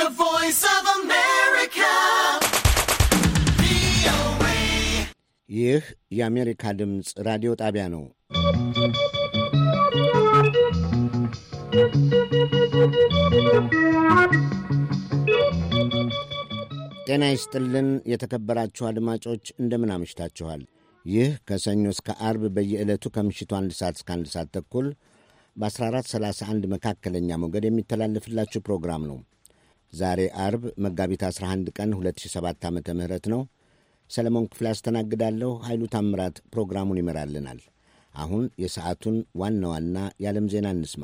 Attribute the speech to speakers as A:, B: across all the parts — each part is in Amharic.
A: The Voice of America.
B: ይህ የአሜሪካ ድምፅ ራዲዮ ጣቢያ ነው። ጤና ይስጥልን የተከበራችሁ አድማጮች እንደምን አምሽታችኋል። ይህ ከሰኞ እስከ አርብ በየዕለቱ ከምሽቱ አንድ ሰዓት እስከ አንድ ሰዓት ተኩል በ1431 መካከለኛ ሞገድ የሚተላለፍላችሁ ፕሮግራም ነው። ዛሬ አርብ መጋቢት 11 ቀን 2007 ዓ ም ነው። ሰለሞን ክፍል አስተናግዳለሁ ኃይሉ ታምራት ፕሮግራሙን ይመራልናል። አሁን የሰዓቱን ዋና ዋና የዓለም ዜና እንስማ።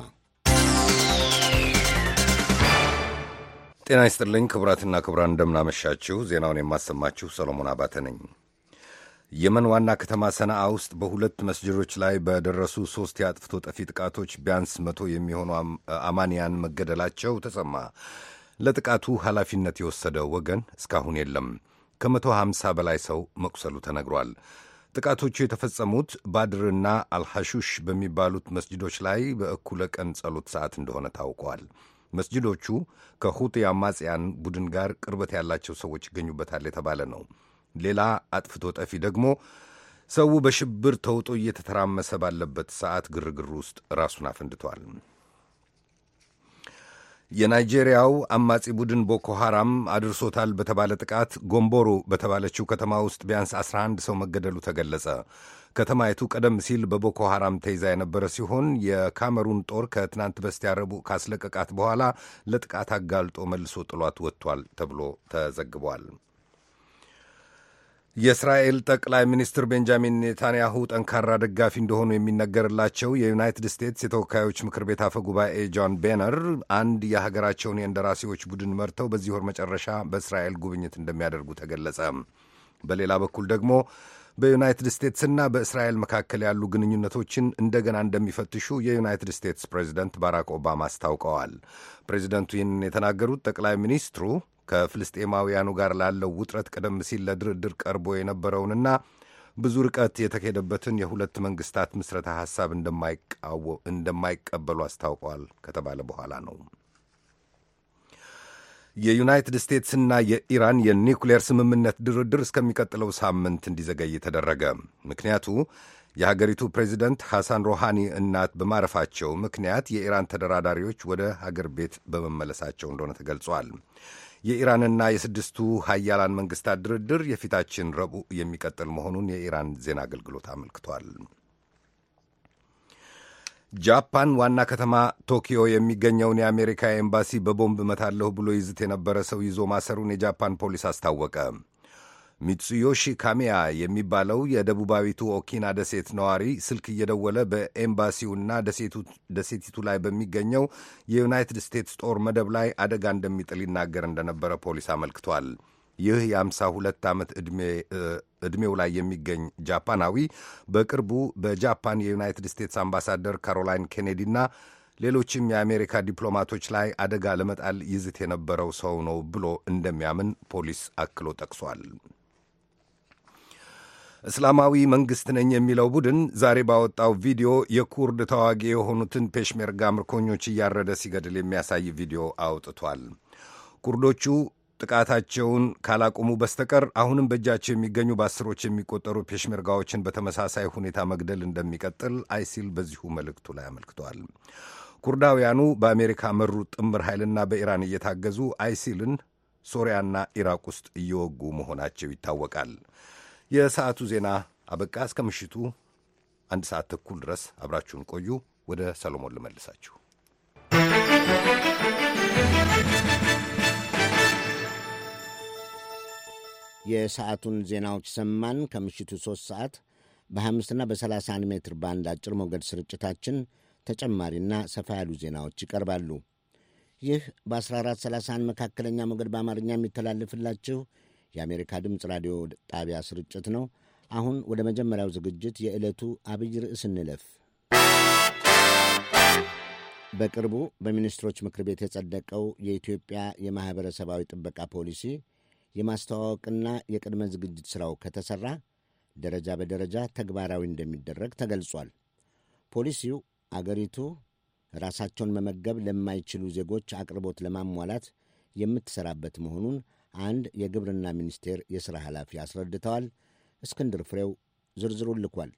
C: ጤና ይስጥልኝ ክቡራትና ክቡራን፣ እንደምናመሻችሁ። ዜናውን የማሰማችሁ ሰሎሞን አባተ ነኝ። የመን ዋና ከተማ ሰነአ ውስጥ በሁለት መስጅዶች ላይ በደረሱ ሦስት የአጥፍቶ ጠፊ ጥቃቶች ቢያንስ መቶ የሚሆኑ አማንያን መገደላቸው ተሰማ። ለጥቃቱ ኃላፊነት የወሰደ ወገን እስካሁን የለም። ከመቶ ሃምሳ በላይ ሰው መቁሰሉ ተነግሯል። ጥቃቶቹ የተፈጸሙት ባድርና አልሐሹሽ በሚባሉት መስጅዶች ላይ በእኩለ ቀን ጸሎት ሰዓት እንደሆነ ታውቋል። መስጅዶቹ ከሁቲ አማጽያን ቡድን ጋር ቅርበት ያላቸው ሰዎች ይገኙበታል የተባለ ነው። ሌላ አጥፍቶ ጠፊ ደግሞ ሰው በሽብር ተውጦ እየተተራመሰ ባለበት ሰዓት ግርግር ውስጥ ራሱን አፈንድቷል። የናይጄሪያው አማጺ ቡድን ቦኮ ሐራም አድርሶታል በተባለ ጥቃት ጎምቦሮ በተባለችው ከተማ ውስጥ ቢያንስ 11 ሰው መገደሉ ተገለጸ። ከተማይቱ ቀደም ሲል በቦኮ ሐራም ተይዛ የነበረ ሲሆን የካሜሩን ጦር ከትናንት በስቲያ ረቡዕ ካስለቀቃት በኋላ ለጥቃት አጋልጦ መልሶ ጥሏት ወጥቷል ተብሎ ተዘግቧል። የእስራኤል ጠቅላይ ሚኒስትር ቤንጃሚን ኔታንያሁ ጠንካራ ደጋፊ እንደሆኑ የሚነገርላቸው የዩናይትድ ስቴትስ የተወካዮች ምክር ቤት አፈ ጉባኤ ጆን ቤነር አንድ የሀገራቸውን የእንደራሴዎች ቡድን መርተው በዚህ ወር መጨረሻ በእስራኤል ጉብኝት እንደሚያደርጉ ተገለጸ። በሌላ በኩል ደግሞ በዩናይትድ ስቴትስና በእስራኤል መካከል ያሉ ግንኙነቶችን እንደገና እንደሚፈትሹ የዩናይትድ ስቴትስ ፕሬዚደንት ባራክ ኦባማ አስታውቀዋል። ፕሬዚደንቱ ይህንን የተናገሩት ጠቅላይ ሚኒስትሩ ከፍልስጤማውያኑ ጋር ላለው ውጥረት ቀደም ሲል ለድርድር ቀርቦ የነበረውንና ብዙ ርቀት የተሄደበትን የሁለት መንግስታት ምስረታ ሐሳብ እንደማይቀበሉ አስታውቀዋል ከተባለ በኋላ ነው። የዩናይትድ ስቴትስና የኢራን የኒውክሌር ስምምነት ድርድር እስከሚቀጥለው ሳምንት እንዲዘገይ ተደረገ። ምክንያቱ የሀገሪቱ ፕሬዚደንት ሐሳን ሮሃኒ እናት በማረፋቸው ምክንያት የኢራን ተደራዳሪዎች ወደ ሀገር ቤት በመመለሳቸው እንደሆነ ተገልጿል። የኢራንና የስድስቱ ሀያላን መንግስታት ድርድር የፊታችን ረቡዕ የሚቀጥል መሆኑን የኢራን ዜና አገልግሎት አመልክቷል። ጃፓን ዋና ከተማ ቶኪዮ የሚገኘውን የአሜሪካ ኤምባሲ በቦምብ መታለሁ ብሎ ይዝት የነበረ ሰው ይዞ ማሰሩን የጃፓን ፖሊስ አስታወቀ። ሚትሱዮሺ ካሚያ የሚባለው የደቡባዊቱ ኦኪና ደሴት ነዋሪ ስልክ እየደወለ በኤምባሲውና ደሴቲቱ ላይ በሚገኘው የዩናይትድ ስቴትስ ጦር መደብ ላይ አደጋ እንደሚጥል ይናገር እንደነበረ ፖሊስ አመልክቷል። ይህ የአምሳ ሁለት ዓመት ዕድሜው ላይ የሚገኝ ጃፓናዊ በቅርቡ በጃፓን የዩናይትድ ስቴትስ አምባሳደር ካሮላይን ኬኔዲና ሌሎችም የአሜሪካ ዲፕሎማቶች ላይ አደጋ ለመጣል ይዝት የነበረው ሰው ነው ብሎ እንደሚያምን ፖሊስ አክሎ ጠቅሷል። እስላማዊ መንግሥት ነኝ የሚለው ቡድን ዛሬ ባወጣው ቪዲዮ የኩርድ ተዋጊ የሆኑትን ፔሽሜርጋ ምርኮኞች እያረደ ሲገድል የሚያሳይ ቪዲዮ አውጥቷል። ኩርዶቹ ጥቃታቸውን ካላቆሙ በስተቀር አሁንም በእጃቸው የሚገኙ በአስሮች የሚቆጠሩ ፔሽሜርጋዎችን በተመሳሳይ ሁኔታ መግደል እንደሚቀጥል አይሲል በዚሁ መልእክቱ ላይ አመልክቷል። ኩርዳውያኑ በአሜሪካ መሩ ጥምር ኃይልና በኢራን እየታገዙ አይሲልን ሶሪያና ኢራቅ ውስጥ እየወጉ መሆናቸው ይታወቃል። የሰዓቱ ዜና አበቃ። እስከ ምሽቱ አንድ ሰዓት ተኩል ድረስ አብራችሁን ቆዩ። ወደ ሰሎሞን ልመልሳችሁ።
B: የሰዓቱን ዜናዎች ሰማን። ከምሽቱ ሦስት ሰዓት በ5ና በ31 ሜትር ባንድ አጭር ሞገድ ስርጭታችን ተጨማሪና ሰፋ ያሉ ዜናዎች ይቀርባሉ። ይህ በ1431 መካከለኛ ሞገድ በአማርኛ የሚተላለፍላችሁ የአሜሪካ ድምፅ ራዲዮ ጣቢያ ስርጭት ነው። አሁን ወደ መጀመሪያው ዝግጅት የዕለቱ አብይ ርዕስ እንለፍ። በቅርቡ በሚኒስትሮች ምክር ቤት የጸደቀው የኢትዮጵያ የማኅበረሰባዊ ጥበቃ ፖሊሲ የማስተዋወቅና የቅድመ ዝግጅት ሥራው ከተሠራ ደረጃ በደረጃ ተግባራዊ እንደሚደረግ ተገልጿል። ፖሊሲው አገሪቱ ራሳቸውን መመገብ ለማይችሉ ዜጎች አቅርቦት ለማሟላት የምትሠራበት መሆኑን አንድ የግብርና ሚኒስቴር የሥራ ኃላፊ አስረድተዋል። እስክንድር ፍሬው ዝርዝሩን
D: ልኳል።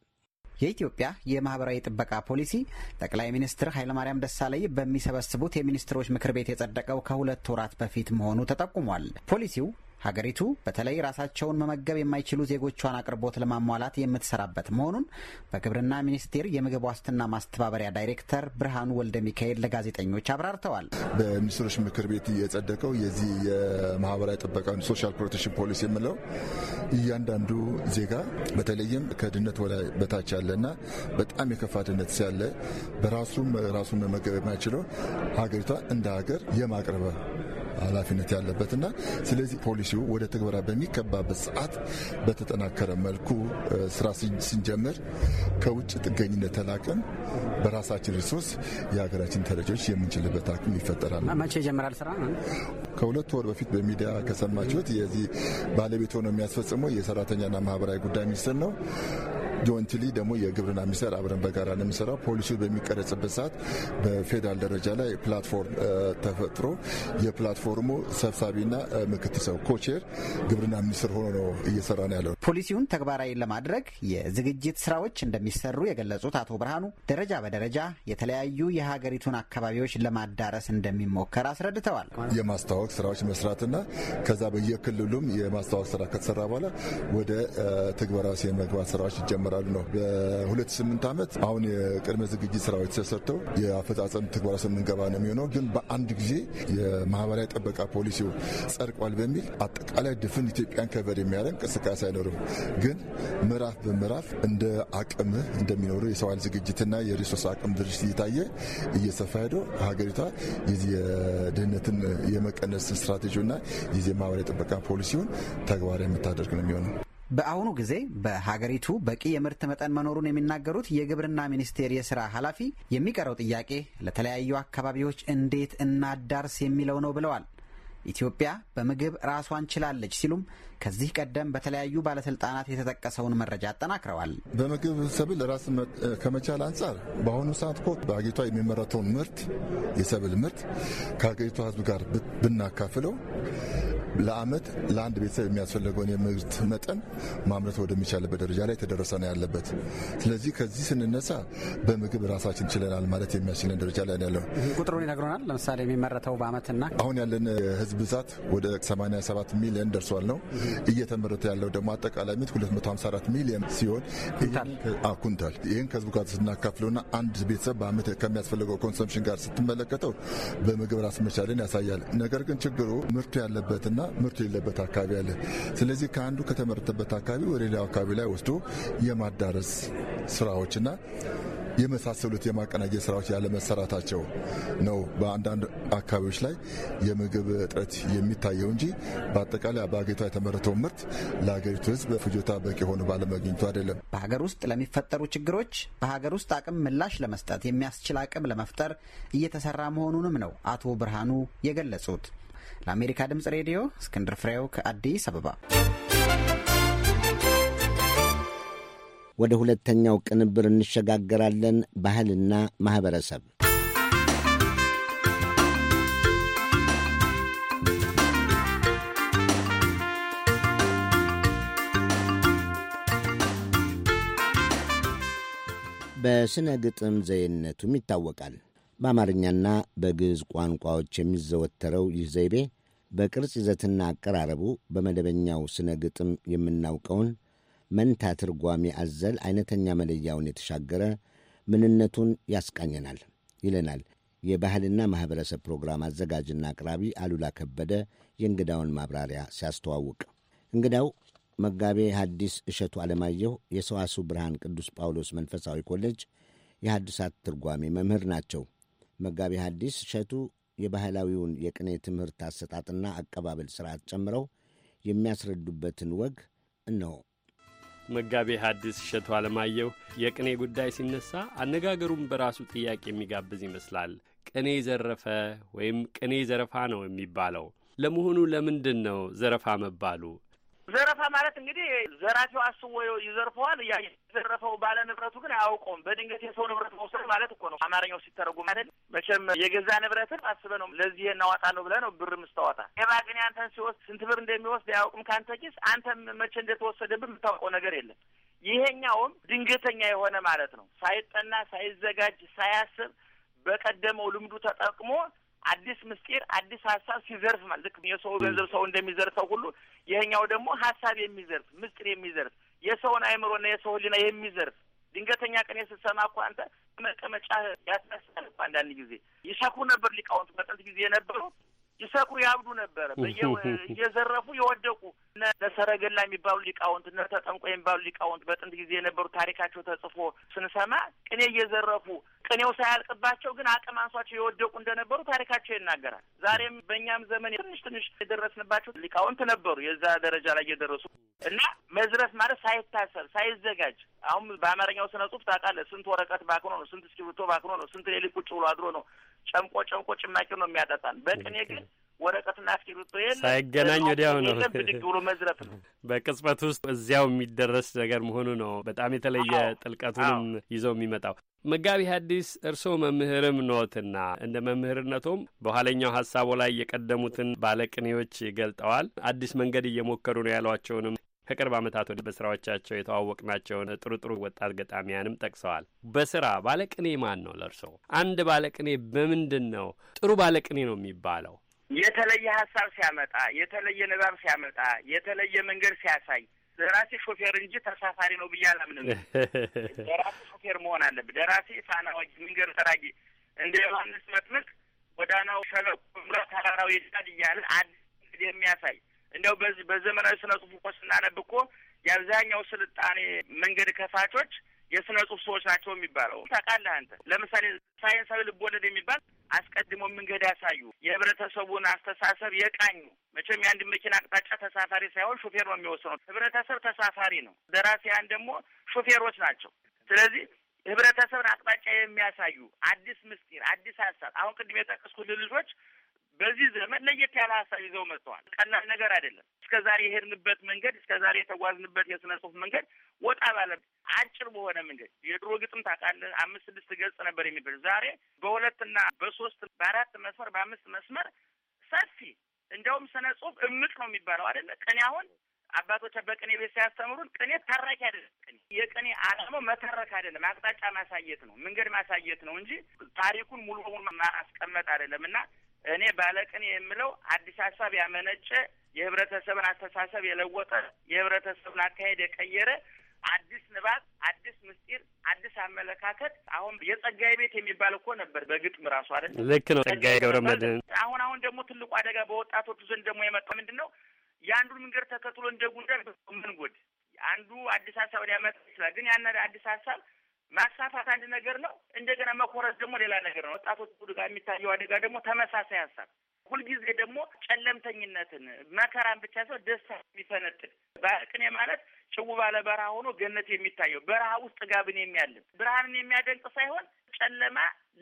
D: የኢትዮጵያ የማህበራዊ ጥበቃ ፖሊሲ ጠቅላይ ሚኒስትር ኃይለማርያም ደሳለኝ በሚሰበስቡት የሚኒስትሮች ምክር ቤት የጸደቀው ከሁለት ወራት በፊት መሆኑ ተጠቁሟል። ፖሊሲው ሀገሪቱ በተለይ ራሳቸውን መመገብ የማይችሉ ዜጎቿን አቅርቦት ለማሟላት የምትሰራበት መሆኑን በግብርና ሚኒስቴር የምግብ ዋስትና ማስተባበሪያ ዳይሬክተር ብርሃኑ ወልደ ሚካኤል ለጋዜጠኞች አብራርተዋል።
E: በሚኒስትሮች ምክር ቤት የጸደቀው የዚህ የማህበራዊ ጥበቃ ሶሻል ፕሮቴክሽን ፖሊሲ የምለው እያንዳንዱ ዜጋ በተለይም ከድህነት ወላይ በታች ያለና በጣም የከፋ ድህነት ሲያለ በራሱም ራሱን መመገብ የማይችለው ሀገሪቷ እንደ ሀገር የማቅረበ ኃላፊነት ያለበትና ስለዚህ ፖሊሲው ወደ ትግበራ በሚገባበት ሰዓት በተጠናከረ መልኩ ስራ ስንጀምር ከውጭ ጥገኝነት ተላቀን በራሳችን ሪሶርስ የሀገራችን ተረጂዎች የምንችልበት አቅም ይፈጠራል።
D: መቼ ይጀምራል ስራ?
E: ከሁለት ወር በፊት በሚዲያ ከሰማችሁት የዚህ ባለቤት ሆነው የሚያስፈጽመው የሰራተኛና ማህበራዊ ጉዳይ ሚኒስትር ነው። ጆንትሊ ደግሞ የግብርና ሚኒስቴር አብረን በጋራ ነው የሚሰራው። ፖሊሲው በሚቀረጽበት ሰዓት በፌዴራል ደረጃ ላይ ፕላትፎርም ተፈጥሮ የፕላትፎርሙ ሰብሳቢና ምክትል ሰው ኮቼር ግብርና ሚኒስትር ሆኖ ነው እየሰራ ነው ያለው። ፖሊሲውን ተግባራዊ ለማድረግ የዝግጅት
D: ስራዎች እንደሚሰሩ የገለጹት አቶ ብርሃኑ ደረጃ በደረጃ የተለያዩ የሀገሪቱን አካባቢዎች
E: ለማዳረስ እንደሚሞከር አስረድተዋል። የማስተዋወቅ ስራዎች መስራትና ከዛ በየክልሉም የማስተዋወቅ ስራ ከተሰራ በኋላ ወደ ትግበራ መግባት ስራዎች ይጀምራል። ይጀምራል ነው። በሁለት ስምንት ዓመት አሁን የቅድመ ዝግጅት ስራዎች ተሰርተው የአፈጻጸም ተግባራ ስምንገባ ነው የሚሆነው። ግን በአንድ ጊዜ የማህበራዊ ጥበቃ ፖሊሲው ጸድቋል በሚል አጠቃላይ ድፍን ኢትዮጵያን ከቨር የሚያደርግ እንቅስቃሴ አይኖርም። ግን ምዕራፍ በምዕራፍ እንደ አቅም እንደሚኖሩ የሰው ኃይል ዝግጅትና የሪሶርስ አቅም ድርጅት እየታየ እየሰፋ ሄዶ ሀገሪቷ የዚህ የድህነትን የመቀነስ ስትራቴጂና የዚህ የማህበራዊ ጥበቃ ፖሊሲውን ተግባራዊ የምታደርግ ነው የሚሆነው። በአሁኑ
D: ጊዜ በሀገሪቱ በቂ የምርት መጠን መኖሩን የሚናገሩት የግብርና ሚኒስቴር የስራ ኃላፊ የሚቀረው ጥያቄ ለተለያዩ አካባቢዎች እንዴት እናዳርስ የሚለው ነው ብለዋል። ኢትዮጵያ በምግብ ራሷን ችላለች ሲሉም ከዚህ ቀደም በተለያዩ ባለስልጣናት የተጠቀሰውን መረጃ አጠናክረዋል።
E: በምግብ ሰብል ራስ ከመቻል አንጻር በአሁኑ ሰዓት ኮ በሀገሪቷ የሚመረተውን ምርት የሰብል ምርት ከሀገሪቷ ሕዝብ ጋር ብናካፍለው ለአመት ለአንድ ቤተሰብ የሚያስፈልገውን የምርት መጠን ማምረት ወደሚቻልበት ደረጃ ላይ የተደረሰ ነው ያለበት። ስለዚህ ከዚህ ስንነሳ በምግብ ራሳችን ችለናል ማለት የሚያስችለን ደረጃ ላይ ያለው
D: ቁጥሩን ይነግሮናል። ለምሳሌ የሚመረተው በአመትና
E: አሁን ያለን የህዝብ ብዛት ወደ 87 ሚሊዮን ደርሷል ነው እየተመረተ ያለው ደግሞ አጠቃላይ ምርት 254 ሚሊዮን ሲሆን ኩንታል። ይህን ከህዝቡ ጋር ስናካፍለውና አንድ ቤተሰብ በአመት ከሚያስፈልገው ኮንሰምሽን ጋር ስትመለከተው በምግብ ራስ መቻልን ያሳያል። ነገር ግን ችግሩ ምርቱ ያለበትን እና ምርቱ የሌለበት አካባቢ አለ። ስለዚህ ከአንዱ ከተመረተበት አካባቢ ወደ ሌላው አካባቢ ላይ ወስዶ የማዳረስ ስራዎችና የመሳሰሉት የማቀናጀት ስራዎች ያለመሰራታቸው ነው በአንዳንድ አካባቢዎች ላይ የምግብ እጥረት የሚታየው እንጂ በአጠቃላይ በአገሪቷ የተመረተው ምርት ለሀገሪቱ ሕዝብ ፍጆታ በቂ ሆኖ ባለመገኘቱ አይደለም። በሀገር ውስጥ
D: ለሚፈጠሩ ችግሮች በሀገር ውስጥ አቅም ምላሽ ለመስጠት የሚያስችል አቅም ለመፍጠር እየተሰራ መሆኑንም ነው አቶ ብርሃኑ የገለጹት። ለአሜሪካ ድምፅ ሬዲዮ እስክንድር ፍሬው ከአዲስ አበባ።
B: ወደ ሁለተኛው ቅንብር እንሸጋገራለን። ባህልና ማኅበረሰብ በሥነ ግጥም ዘይነቱም ይታወቃል። በአማርኛና በግዕዝ ቋንቋዎች የሚዘወተረው ይህ ዘይቤ በቅርጽ ይዘትና አቀራረቡ በመደበኛው ስነ ግጥም የምናውቀውን መንታ ትርጓሜ አዘል አይነተኛ መለያውን የተሻገረ ምንነቱን ያስቃኘናል ይለናል የባህልና ማኅበረሰብ ፕሮግራም አዘጋጅና አቅራቢ አሉላ ከበደ የእንግዳውን ማብራሪያ ሲያስተዋውቅ እንግዳው መጋቤ ሐዲስ እሸቱ ዓለማየሁ የሰዋሱ ብርሃን ቅዱስ ጳውሎስ መንፈሳዊ ኮሌጅ የሐዲሳት ትርጓሜ መምህር ናቸው። መጋቤ ሐዲስ እሸቱ የባህላዊውን የቅኔ ትምህርት አሰጣጥና አቀባበል ስርዓት ጨምረው የሚያስረዱበትን ወግ እነሆ።
F: መጋቤ ሐዲስ እሸቱ አለማየሁ የቅኔ ጉዳይ ሲነሳ አነጋገሩም በራሱ ጥያቄ የሚጋብዝ ይመስላል። ቅኔ ዘረፈ ወይም ቅኔ ዘረፋ ነው የሚባለው። ለመሆኑ ለምንድን ነው ዘረፋ መባሉ?
G: ዘረፋ ማለት እንግዲህ ዘራፊው አስቦ ይዘርፈዋል። እያ የዘረፈው ባለ ንብረቱ ግን አያውቀውም። በድንገት የሰው ንብረት መውሰድ ማለት እኮ ነው አማርኛው ሲተረጉም አይደል? መቼም የገዛ ንብረትን አስበ ነው ለዚህ እናዋጣ ነው ብለህ ነው ብር ምስታወጣ። ሌባ ግን ያንተን ሲወስድ ስንት ብር እንደሚወስድ አያውቅም ከአንተ ኪስ። አንተም መቼ እንደተወሰደብህ የምታውቀው ነገር የለም። ይሄኛውም ድንገተኛ የሆነ ማለት ነው። ሳይጠና ሳይዘጋጅ ሳያስብ በቀደመው ልምዱ ተጠቅሞ አዲስ ምስጢር አዲስ ሀሳብ ሲዘርፍ ማለት ልክ የሰው ገንዘብ ሰው እንደሚዘርፈው ሁሉ ይሄኛው ደግሞ ሀሳብ የሚዘርፍ ምስጢር የሚዘርፍ የሰውን አእምሮና የሰው ሕሊና የሚዘርፍ ድንገተኛ ቀን ስትሰማ እኮ አንተ መቀመጫ ያስነሳል። አንዳንድ ጊዜ ይሰኩ ነበር ሊቃውንት በጥንት ጊዜ የነበሩ ይሰቅሩ ያብዱ ነበረ። እየዘረፉ የወደቁ ሰረገላ የሚባሉ ሊቃውንት፣ እነ ተጠምቆ የሚባሉ ሊቃውንት በጥንት ጊዜ የነበሩ ታሪካቸው ተጽፎ ስንሰማ ቅኔ እየዘረፉ ቅኔው ሳያልቅባቸው ግን አቅም አንሷቸው የወደቁ እንደነበሩ ታሪካቸው ይናገራል። ዛሬም በእኛም ዘመን ትንሽ ትንሽ የደረስንባቸው ሊቃውንት ነበሩ የዛ ደረጃ ላይ እየደረሱ እና መዝረፍ ማለት ሳይታሰብ ሳይዘጋጅ አሁን በአማርኛው ስነ ጽሁፍ ታውቃለህ፣ ስንት ወረቀት ባክኖ ነው፣ ስንት እስክሪብቶ ባክኖ ነው፣ ስንት ሌሊት ቁጭ ብሎ አድሮ ነው ጨምቆ ጨምቆ ጭማቂው ነው የሚያጠጣን። በቅኔ ግን ወረቀትና እስክሪብቶ ሳይገናኝ ወዲያው ነው ብሎ መዝረፍ ነው።
F: በቅጽበት ውስጥ እዚያው የሚደረስ ነገር መሆኑ ነው። በጣም የተለየ ጥልቀቱንም ይዘው የሚመጣው መጋቢ ሐዲስ እርስዎ መምህርም ኖትና እንደ መምህርነቶም በኋለኛው ሀሳቦ ላይ የቀደሙትን ባለቅኔዎች ገልጠዋል። አዲስ መንገድ እየሞከሩ ነው ያሏቸውንም ከቅርብ ዓመታት ወደ በስራዎቻቸው የተዋወቅናቸውን ጥሩ ጥሩ ወጣት ገጣሚያንም ጠቅሰዋል። በስራ ባለቅኔ ማን ነው ለርሶ? አንድ ባለቅኔ በምንድን ነው ጥሩ ባለቅኔ ነው የሚባለው?
G: የተለየ ሀሳብ ሲያመጣ፣ የተለየ ንባብ ሲያመጣ፣ የተለየ መንገድ ሲያሳይ ደራሲ ሾፌር እንጂ ተሳፋሪ ነው ብዬ አላምንም። ደራሲ ሾፌር መሆን አለብህ። ደራሲ ፋና ወጊ፣ መንገድ ጠራጊ፣ እንደ ዮሐንስ መጥምቅ ጎዳናው ሸለቆ፣ ተራራው ይዳድ እያለ አዲስ የሚያሳይ እንደው በዚህ በዘመናዊ ስነ ጽሁፍ እኮ ስናነብ እኮ የአብዛኛው ስልጣኔ መንገድ ከፋቾች የስነ ጽሁፍ ሰዎች ናቸው የሚባለው ታውቃለህ አንተ። ለምሳሌ ሳይንሳዊ ልቦለድ የሚባል አስቀድሞ መንገድ ያሳዩ፣ የህብረተሰቡን አስተሳሰብ የቃኙ። መቼም የአንድ መኪና አቅጣጫ ተሳፋሪ ሳይሆን ሾፌር ነው የሚወስነው። ህብረተሰብ ተሳፋሪ ነው፣ ደራሲያን ደግሞ ሾፌሮች ናቸው። ስለዚህ ህብረተሰብን አቅጣጫ የሚያሳዩ አዲስ ምስጢር፣ አዲስ ሀሳብ አሁን ቅድም የጠቀስኩት ልልጆች በዚህ ዘመን ለየት ያለ ሀሳብ ይዘው መጥተዋል። ቀላል ነገር አይደለም። እስከ ዛሬ የሄድንበት መንገድ፣ እስከ ዛሬ የተጓዝንበት የስነ ጽሁፍ መንገድ ወጣ ባለ አጭር በሆነ መንገድ የድሮ ግጥም ታውቃለህ፣ አምስት ስድስት ገጽ ነበር የሚበል ዛሬ በሁለትና በሶስት በአራት መስመር በአምስት መስመር ሰፊ እንዲያውም ስነ ጽሁፍ እምቅ ነው የሚባለው አይደለ? ቅኔ አሁን አባቶች በቅኔ ቤት ሲያስተምሩን ቅኔ ተራኪ አይደለም። ቅኔ የቅኔ ዓላማው መተረክ አይደለም፣ አቅጣጫ ማሳየት ነው፣ መንገድ ማሳየት ነው እንጂ ታሪኩን ሙሉ በሙሉ ማስቀመጥ አይደለም እና እኔ ባለቅኔ የምለው አዲስ ሀሳብ ያመነጨ የህብረተሰብን አስተሳሰብ የለወጠ የህብረተሰብን አካሄድ የቀየረ አዲስ ንባት፣ አዲስ ምስጢር፣ አዲስ አመለካከት። አሁን የጸጋዬ ቤት የሚባል እኮ ነበር በግጥም ራሱ አይደል? ልክ ነው። ጸጋዬ ገብረመድህን። አሁን አሁን ደግሞ ትልቁ አደጋ በወጣቶቹ ዘንድ ደግሞ የመጣ ምንድን ነው? የአንዱን መንገድ ተከትሎ እንደ ጉንዳን መንጎድ። አንዱ አዲስ ሀሳብን ያመጣ ይችላል፣ ግን ያን አዲስ ሀሳብ ማስፋፋት አንድ ነገር ነው። እንደገና መኮረስ ደግሞ ሌላ ነገር ነው። ወጣቶች ሁሉ ጋር የሚታየው አደጋ ደግሞ ተመሳሳይ ሀሳብ ሁልጊዜ ደግሞ ጨለምተኝነትን፣ መከራን ብቻ ሰው ደስታ የሚፈነጥቅ በቅኔ ማለት ጭው ባለ በረሃ ሆኖ ገነት የሚታየው በረሃ ውስጥ ጋብን የሚያልም ብርሃንን የሚያደንቅ ሳይሆን ጨለማ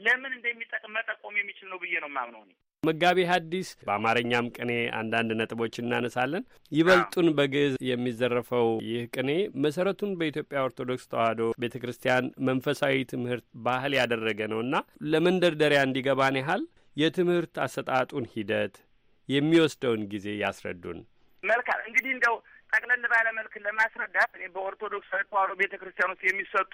G: ለምን እንደሚጠቅም መጠቆም የሚችል ነው ብዬ ነው የማምነው እኔ።
F: መጋቢ ሐዲስ በአማርኛም ቅኔ አንዳንድ ነጥቦች እናነሳለን። ይበልጡን በግዕዝ የሚዘረፈው ይህ ቅኔ መሰረቱን በኢትዮጵያ ኦርቶዶክስ ተዋሕዶ ቤተ ክርስቲያን መንፈሳዊ ትምህርት ባህል ያደረገ ነውና ለመንደርደሪያ እንዲገባን ያህል የትምህርት አሰጣጡን ሂደት የሚወስደውን ጊዜ ያስረዱን።
G: መልካም እንግዲህ እንደው ጠቅለል ባለ መልክ ለማስረዳት እኔ በኦርቶዶክሳዊ ተዋሕዶ ቤተ ክርስቲያን ውስጥ የሚሰጡ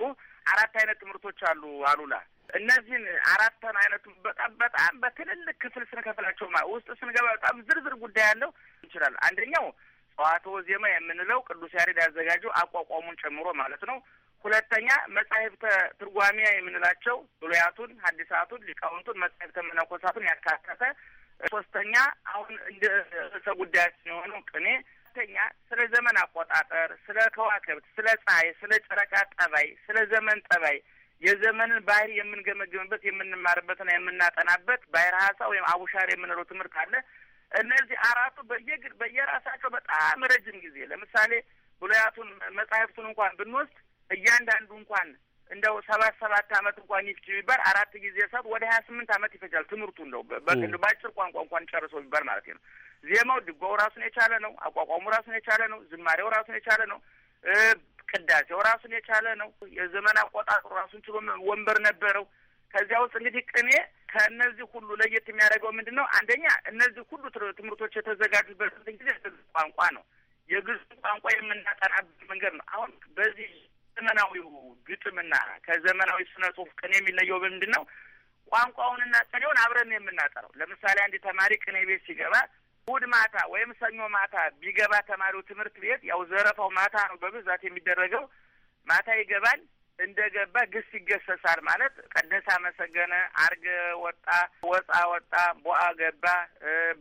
G: አራት አይነት ትምህርቶች አሉ አሉላ እነዚህን አራተን አይነቱ በጣም በጣም በትልልቅ ክፍል ስንከፍላቸው ውስጥ ስንገባ በጣም ዝርዝር ጉዳይ ያለው እንችላል አንደኛው ጸዋትወ ዜማ የምንለው ቅዱስ ያሬድ ያዘጋጀው አቋቋሙን ጨምሮ ማለት ነው። ሁለተኛ መጻሕፍተ ትርጓሚያ የምንላቸው ብሉያቱን፣ ሐዲሳቱን፣ ሊቃውንቱን፣ መጻሕፍተ መነኮሳቱን ያካተተ ሶስተኛ አሁን እንደ ርዕሰ ጉዳያችን የሆነው ቅኔ ሁለተኛ ስለ ዘመን አቆጣጠር፣ ስለ ከዋክብት፣ ስለ ፀሐይ፣ ስለ ጨረቃ ጠባይ፣ ስለ ዘመን ጠባይ የዘመንን ባህሪ የምንገመግምበት የምንማርበትና የምናጠናበት ባህረ ሀሳ ወይም አቡሻር የምንለው ትምህርት አለ። እነዚህ አራቱ በየ በየራሳቸው በጣም ረጅም ጊዜ ለምሳሌ ብሉያቱን መጽሐፍቱን እንኳን ብንወስድ እያንዳንዱ እንኳን እንደው ሰባት ሰባት አመት እንኳን ይፍች ቢባል አራት ጊዜ ሰብ ወደ ሀያ ስምንት አመት ይፈጃል ትምህርቱ እንደው በአጭር ቋንቋ እንኳን ጨርሶ ቢባል ማለት ነው። ዜማው ድጓው ራሱን የቻለ ነው። አቋቋሙ ራሱን የቻለ ነው። ዝማሬው ራሱን የቻለ ነው። ቅዳሴው ራሱን የቻለ ነው። የዘመን አቆጣጠሩ ራሱን ችሎ ወንበር ነበረው። ከዚያ ውስጥ እንግዲህ ቅኔ ከእነዚህ ሁሉ ለየት የሚያደርገው ምንድን ነው? አንደኛ እነዚህ ሁሉ ትምህርቶች የተዘጋጁበት ጊዜ ቋንቋ ነው። የግዙ ቋንቋ የምናጠናበት መንገድ ነው። አሁን በዚህ ዘመናዊው ግጥምና ከዘመናዊ ስነ ጽሁፍ ቅኔ የሚለየው ምንድን ነው? ቋንቋውንና ቅኔውን አብረን የምናጠረው። ለምሳሌ አንድ ተማሪ ቅኔ ቤት ሲገባ እሑድ ማታ ወይም ሰኞ ማታ ቢገባ ተማሪው ትምህርት ቤት ያው ዘረፋው ማታ ነው በብዛት የሚደረገው። ማታ ይገባል። እንደገባ ግስ ይገሰሳል። ማለት ቀደሰ፣ አመሰገነ፣ አርገ ወጣ፣ ወፃ ወጣ፣ ቦአ ገባ፣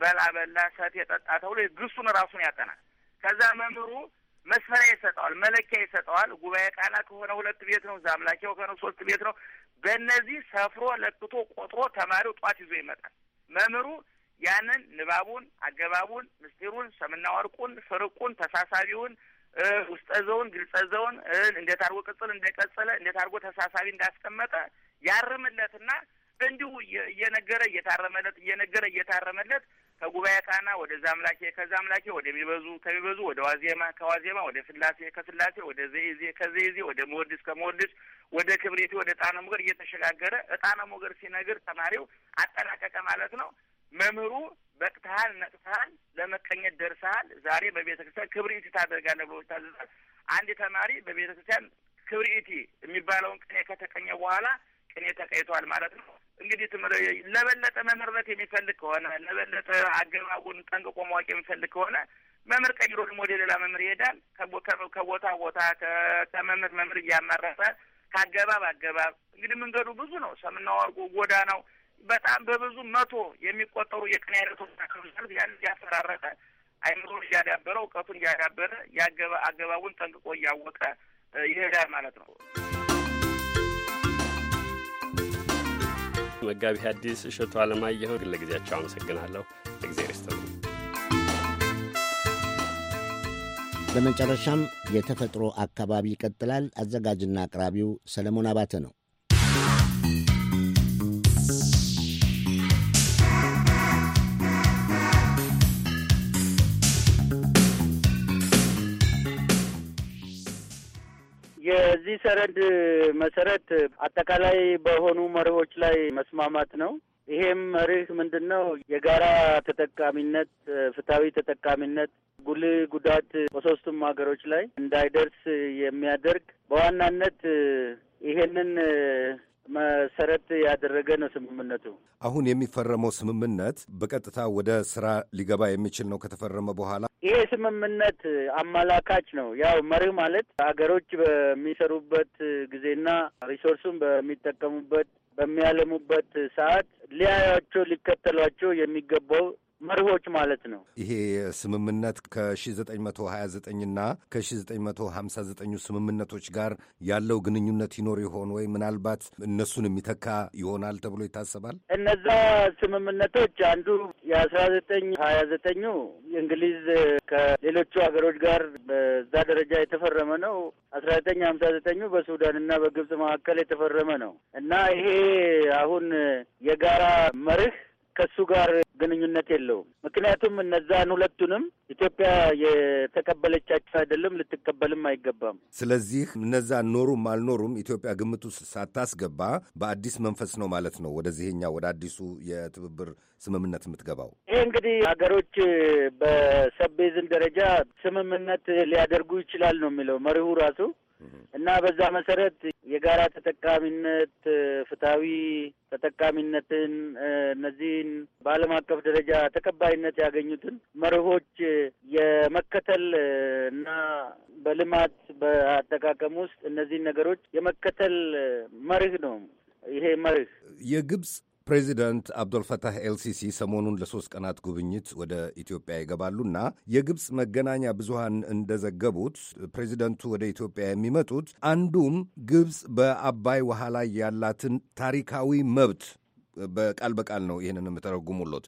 G: በላ በላ፣ ሰት የጠጣ ተብሎ ግሱን ራሱን ያጠናል። ከዛ መምህሩ መስፈሪያ ይሰጠዋል፣ መለኪያ ይሰጠዋል። ጉባኤ ቃና ከሆነ ሁለት ቤት ነው፣ ዛምላኪያው ከሆነ ሶስት ቤት ነው። በእነዚህ ሰፍሮ ለክቶ ቆጥሮ ተማሪው ጧት ይዞ ይመጣል። መምህሩ ያንን ንባቡን፣ አገባቡን፣ ምስጢሩን፣ ሰምና ወርቁን፣ ፍርቁን፣ ተሳሳቢውን፣ ውስጠዘውን፣ ግልጸዘውን እንዴት አድርጎ ቅጽል እንደቀጸለ እንዴት አድርጎ ተሳሳቢ እንዳስቀመጠ ያርምለትና እንዲሁ እየነገረ እየታረመለት እየነገረ እየታረመለት ከጉባኤ ቃና ወደዛ አምላኬ ከዛ አምላኬ ወደሚበዙ ከሚበዙ ወደ ዋዜማ ከዋዜማ ወደ ስላሴ ከስላሴ ወደ ዘይዜ ከዘይዜ ወደ መወድስ ከመወድስ ወደ ክብሬቴ ወደ እጣነ ሞገድ እየተሸጋገረ እጣነ ሞገድ ሲነግር ተማሪው አጠናቀቀ ማለት ነው። መምህሩ በቅትሃል፣ ነቅትሃል፣ ለመቀኘት ደርሰሃል፣ ዛሬ በቤተ ክርስቲያን ክብርኢቲ ታደርጋለህ ብሎ ታዘዛል። አንድ ተማሪ በቤተ ክርስቲያን ክብርኢቲ የሚባለውን ቅኔ ከተቀኘ በኋላ ቅኔ ተቀይቷል ማለት ነው። እንግዲህ ትምህር ለበለጠ መምህርነት የሚፈልግ ከሆነ ለበለጠ አገባቡን ጠንቅቆ ማወቅ የሚፈልግ ከሆነ መምህር ቀይሮ ደግሞ ወደ ሌላ መምህር ይሄዳል። ከቦታ ቦታ ከመምህር መምህር እያመረጠ ከአገባብ አገባብ እንግዲህ መንገዱ ብዙ ነው። ሰምናዋርጉ ወርቁ ነው በጣም በብዙ መቶ የሚቆጠሩ የቅኔ አይነቶች ናቸው። ያን እያፈራረቀ አይምሮን እያዳበረ እውቀቱን እያዳበረ አገባቡን ጠንቅቆ እያወቀ ይሄዳል ማለት ነው።
F: መጋቢ ሐዲስ እሸቱ አለማየሁ ለጊዜያቸው አመሰግናለሁ። ለጊዜር
B: በመጨረሻም የተፈጥሮ አካባቢ ይቀጥላል። አዘጋጅና አቅራቢው ሰለሞን አባተ ነው።
H: ሰነድ መሰረት አጠቃላይ በሆኑ መርሆች ላይ መስማማት ነው። ይሄም መርህ ምንድን ነው? የጋራ ተጠቃሚነት፣ ፍትሐዊ ተጠቃሚነት ጉልህ ጉዳት በሶስቱም ሀገሮች ላይ እንዳይደርስ የሚያደርግ በዋናነት ይሄንን መሰረት ያደረገ ነው ስምምነቱ።
C: አሁን የሚፈረመው ስምምነት በቀጥታ ወደ ስራ ሊገባ የሚችል ነው ከተፈረመ በኋላ
H: ይሄ ስምምነት አመላካች ነው። ያው መርህ ማለት ሀገሮች በሚሰሩበት ጊዜና ሪሶርሱን በሚጠቀሙበት በሚያለሙበት ሰዓት ሊያያቸው ሊከተሏቸው የሚገባው መርሆች ማለት ነው።
C: ይሄ ስምምነት ከ1929ና ከ1959 ስምምነቶች ጋር ያለው ግንኙነት ይኖር ይሆን ወይ? ምናልባት እነሱን የሚተካ ይሆናል ተብሎ ይታሰባል።
H: እነዛ ስምምነቶች አንዱ የ1929ኙ እንግሊዝ ከሌሎቹ ሀገሮች ጋር በዛ ደረጃ የተፈረመ ነው። አስራ ዘጠኝ ሀምሳ ዘጠኙ በሱዳንና በግብጽ መካከል የተፈረመ ነው እና ይሄ አሁን የጋራ መርህ ከሱ ጋር ግንኙነት የለውም። ምክንያቱም እነዛን ሁለቱንም ኢትዮጵያ የተቀበለቻቸው አይደለም፣
C: ልትቀበልም አይገባም። ስለዚህ እነዛ ኖሩም አልኖሩም ኢትዮጵያ ግምቱ ሳታስገባ በአዲስ መንፈስ ነው ማለት ነው ወደዚህኛ ወደ አዲሱ የትብብር ስምምነት የምትገባው።
H: ይሄ እንግዲህ ሀገሮች በሰቤዝን ደረጃ ስምምነት ሊያደርጉ ይችላል ነው የሚለው መሪሁ ራሱ እና በዛ መሰረት የጋራ ተጠቃሚነት፣ ፍትሐዊ ተጠቃሚነትን እነዚህን በዓለም አቀፍ ደረጃ ተቀባይነት ያገኙትን መርሆች የመከተል እና በልማት በአጠቃቀም ውስጥ እነዚህን ነገሮች የመከተል መርህ ነው። ይሄ መርህ
C: የግብፅ ፕሬዚደንት አብዶልፈታህ ኤልሲሲ ሰሞኑን ለሶስት ቀናት ጉብኝት ወደ ኢትዮጵያ ይገባሉና የግብፅ መገናኛ ብዙሃን እንደዘገቡት ፕሬዚደንቱ ወደ ኢትዮጵያ የሚመጡት አንዱም ግብፅ በአባይ ውሃ ላይ ያላትን ታሪካዊ መብት በቃል በቃል ነው ይህንን የምተረጉሙሎት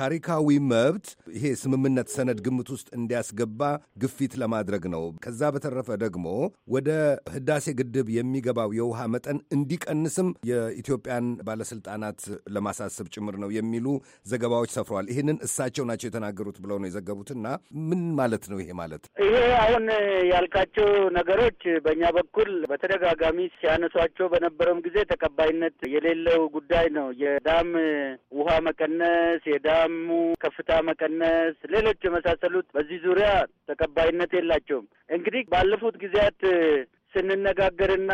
C: ታሪካዊ መብት ይሄ ስምምነት ሰነድ ግምት ውስጥ እንዲያስገባ ግፊት ለማድረግ ነው። ከዛ በተረፈ ደግሞ ወደ ህዳሴ ግድብ የሚገባው የውሃ መጠን እንዲቀንስም የኢትዮጵያን ባለስልጣናት ለማሳሰብ ጭምር ነው የሚሉ ዘገባዎች ሰፍረዋል። ይህንን እሳቸው ናቸው የተናገሩት ብለው ነው የዘገቡትና ምን ማለት ነው ይሄ ማለት?
H: ይሄ አሁን ያልካቸው ነገሮች በእኛ በኩል በተደጋጋሚ ሲያነሷቸው በነበረውም ጊዜ ተቀባይነት የሌለው ጉዳይ ነው። የዳም ውሃ መቀነስ የዳ የተጣሙ ከፍታ መቀነስ፣ ሌሎች የመሳሰሉት በዚህ ዙሪያ ተቀባይነት የላቸውም። እንግዲህ ባለፉት ጊዜያት ስንነጋገርና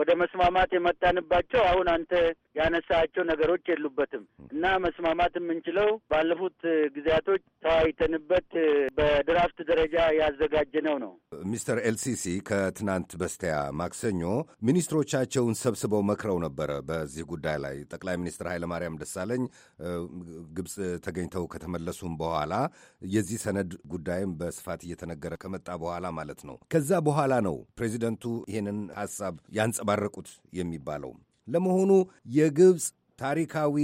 H: ወደ መስማማት የመጣንባቸው አሁን አንተ ያነሳቸው ነገሮች የሉበትም እና መስማማት የምንችለው ባለፉት ጊዜያቶች ተወያይተንበት በድራፍት ደረጃ ያዘጋጀነው ነው።
C: ሚስተር ኤልሲሲ ከትናንት በስቲያ ማክሰኞ ሚኒስትሮቻቸውን ሰብስበው መክረው ነበረ በዚህ ጉዳይ ላይ ጠቅላይ ሚኒስትር ኃይለማርያም ደሳለኝ ግብፅ ተገኝተው ከተመለሱም በኋላ የዚህ ሰነድ ጉዳይም በስፋት እየተነገረ ከመጣ በኋላ ማለት ነው። ከዛ በኋላ ነው ፕሬዚደንቱ ይህንን ሀሳብ ያንጸባረቁት የሚባለው ለመሆኑ የግብፅ ታሪካዊ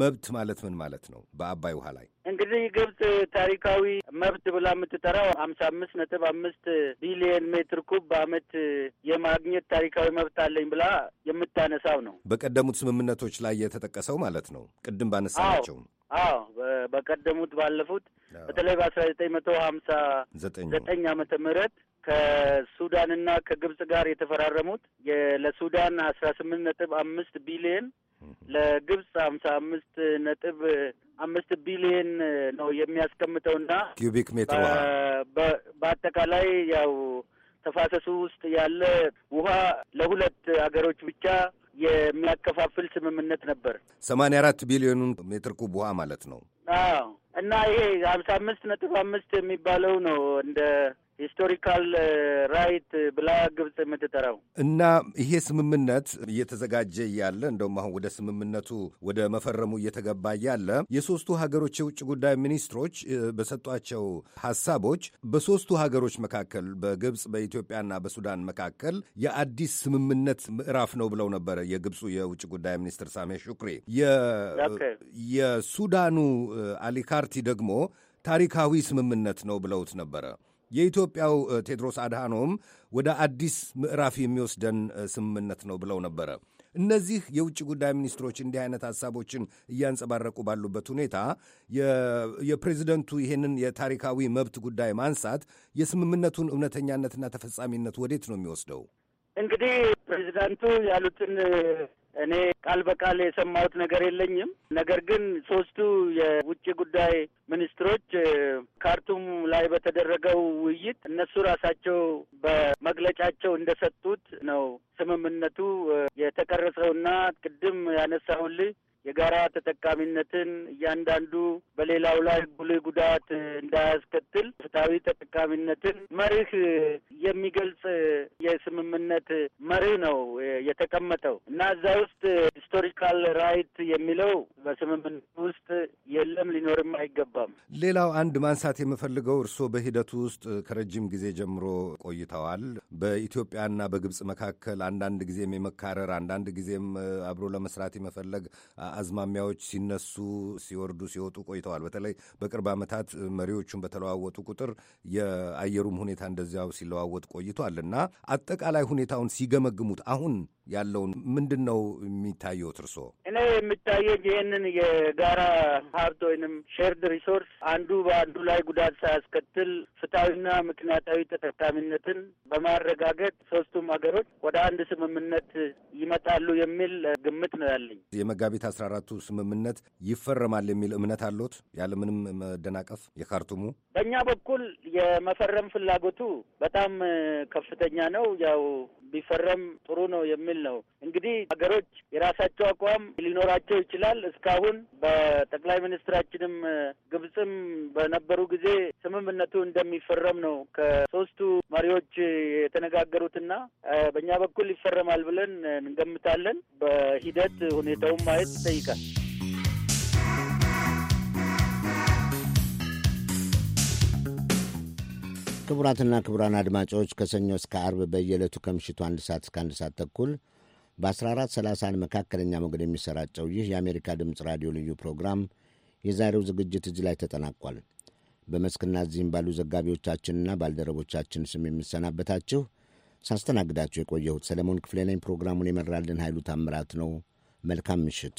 C: መብት ማለት ምን ማለት ነው? በአባይ ውሃ ላይ
H: እንግዲህ ግብፅ ታሪካዊ መብት ብላ የምትጠራው ሀምሳ አምስት ነጥብ አምስት ቢሊየን ሜትር ኩብ በአመት የማግኘት ታሪካዊ መብት አለኝ ብላ የምታነሳው ነው።
C: በቀደሙት ስምምነቶች ላይ የተጠቀሰው ማለት ነው። ቅድም ባነሳቸው
H: አዎ በቀደሙት ባለፉት በተለይ በአስራ ዘጠኝ መቶ ሀምሳ ዘጠኝ ዓመተ ምህረት ከሱዳንና ከግብጽ ጋር የተፈራረሙት ለሱዳን አስራ ስምንት ነጥብ አምስት ቢሊየን ለግብጽ ሀምሳ አምስት ነጥብ አምስት ቢሊየን ነው የሚያስቀምጠውና
C: ኪዩቢክ ሜትር
H: በአጠቃላይ ያው ተፋሰሱ ውስጥ ያለ ውሃ ለሁለት አገሮች ብቻ
C: የሚያከፋፍል ስምምነት ነበር። ሰማንያ አራት ቢሊዮኑን ሜትር ኩብ ውሃ ማለት ነው።
H: አዎ እና ይሄ ሀምሳ አምስት ነጥብ አምስት የሚባለው ነው እንደ ሂስቶሪካል ራይት ብላ ግብጽ የምትጠራው
C: እና ይሄ ስምምነት እየተዘጋጀ እያለ እንደውም አሁን ወደ ስምምነቱ ወደ መፈረሙ እየተገባ እያለ የሶስቱ ሀገሮች የውጭ ጉዳይ ሚኒስትሮች በሰጧቸው ሀሳቦች በሶስቱ ሀገሮች መካከል በግብጽ በኢትዮጵያና በሱዳን መካከል የአዲስ ስምምነት ምዕራፍ ነው ብለው ነበረ። የግብፁ የውጭ ጉዳይ ሚኒስትር ሳሜ ሹክሪ፣ የሱዳኑ አሊካርቲ ደግሞ ታሪካዊ ስምምነት ነው ብለውት ነበረ። የኢትዮጵያው ቴድሮስ አድሃኖም ወደ አዲስ ምዕራፍ የሚወስደን ስምምነት ነው ብለው ነበረ። እነዚህ የውጭ ጉዳይ ሚኒስትሮች እንዲህ አይነት ሀሳቦችን እያንጸባረቁ ባሉበት ሁኔታ የፕሬዚደንቱ ይህንን የታሪካዊ መብት ጉዳይ ማንሳት የስምምነቱን እውነተኛነትና ተፈጻሚነት ወዴት ነው የሚወስደው?
G: እንግዲህ ፕሬዚዳንቱ
H: ያሉትን እኔ ቃል በቃል የሰማሁት ነገር የለኝም። ነገር ግን ሶስቱ የውጭ ጉዳይ ሚኒስትሮች ካርቱም ላይ በተደረገው ውይይት እነሱ ራሳቸው በመግለጫቸው እንደሰጡት ነው ስምምነቱ የተቀረጸውና ቅድም ያነሳሁልህ የጋራ ተጠቃሚነትን እያንዳንዱ በሌላው ላይ ጉልህ ጉዳት እንዳያስከትል ፍትሐዊ ተጠቃሚነትን መርህ የሚገልጽ የስምምነት መርህ ነው የተቀመጠው እና እዛ ውስጥ ሂስቶሪካል ራይት የሚለው በስምምነት ውስጥ የለም፣ ሊኖርም አይገባም።
C: ሌላው አንድ ማንሳት የምፈልገው እርስዎ በሂደቱ ውስጥ ከረጅም ጊዜ ጀምሮ ቆይተዋል። በኢትዮጵያና በግብጽ መካከል አንዳንድ ጊዜም የመካረር አንዳንድ ጊዜም አብሮ ለመስራት የመፈለግ አዝማሚያዎች ሲነሱ ሲወርዱ ሲወጡ ቆይተዋል። በተለይ በቅርብ ዓመታት መሪዎቹን በተለዋወጡ ቁጥር የአየሩም ሁኔታ እንደዚያው ሲለዋወጥ ቆይቷል እና አጠቃላይ ሁኔታውን ሲገመግሙት አሁን ያለውን ምንድን ነው የሚታየውት? እርሶ
H: እኔ የሚታየኝ ይህንን የጋራ ሀብት ወይንም ሼርድ ሪሶርስ አንዱ በአንዱ ላይ ጉዳት ሳያስከትል ፍትሐዊና ምክንያታዊ ተጠቃሚነትን በማረጋገጥ ሶስቱም ሀገሮች ወደ አንድ ስምምነት ይመጣሉ የሚል ግምት ነው ያለኝ።
C: የመጋቢት አስራ አራቱ ስምምነት ይፈረማል የሚል እምነት አሎት? ያለምንም መደናቀፍ የካርቱሙ
H: በእኛ በኩል የመፈረም ፍላጎቱ በጣም ከፍተኛ ነው። ያው ቢፈረም ጥሩ ነው የሚል ነው። እንግዲህ ሀገሮች የራሳቸው አቋም ሊኖራቸው ይችላል። እስካሁን በጠቅላይ ሚኒስትራችንም ግብጽም በነበሩ ጊዜ ስምምነቱ እንደሚፈረም ነው ከሶስቱ መሪዎች የተነጋገሩትና በእኛ በኩል ይፈረማል ብለን እንገምታለን። በሂደት ሁኔታውን ማየት ይጠይቃል።
B: ክቡራትና ክቡራን አድማጮች ከሰኞ እስከ አርብ በየዕለቱ ከምሽቱ አንድ ሰዓት እስከ አንድ ሰዓት ተኩል በ1430 መካከለኛ ሞገድ የሚሰራጨው ይህ የአሜሪካ ድምፅ ራዲዮ ልዩ ፕሮግራም የዛሬው ዝግጅት እዚህ ላይ ተጠናቋል። በመስክና እዚህም ባሉ ዘጋቢዎቻችንና ባልደረቦቻችን ስም የምሰናበታችሁ ሳስተናግዳችሁ የቆየሁት ሰለሞን ክፍሌ ነኝ። ፕሮግራሙን የመራልን ኃይሉ ታምራት ነው። መልካም ምሽት።